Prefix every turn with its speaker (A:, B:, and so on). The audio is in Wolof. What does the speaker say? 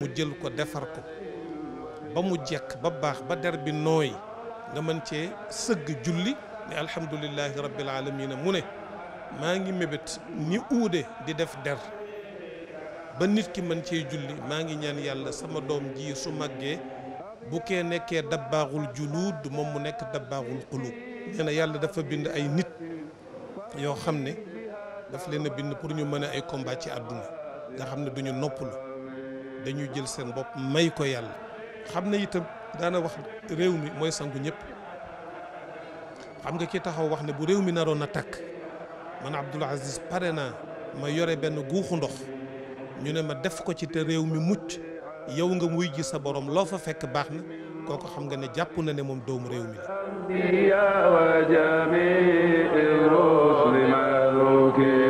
A: mu jël ko defar ko ba mu jekk ba baax ba der bi nooy nga mën cee sëgg julli ne alhamdulillahi rabbil alamina mu ne maa ngi mébét ni uude di def der ba nit ki mën cee julli maa ngi ñaan yàlla sama doom ji su màggee bu kee nekkee dabbaaxul juluud moom mu nekk dabbaaxul xuluub nee yàlla dafa bind ay nit yoo xam ne daf leen bind pour ñu mën ay combat ci àdduna nga xam ne duñu noppalu dañuy jël seen bopp may ko yàlla xam na itam daana wax réew mi mooy sangu ñëpp xam nga ki taxaw wax ne bu réew mi naroon a takk man Abdoul Aziz pare naa ma yore benn guuxu ndox ñu ne ma def ko ci te réew mi mucc yow nga muy ji sa boroom loo fa fekk baax na kooko xam nga ne jàpp na ne moom doomu réew mi la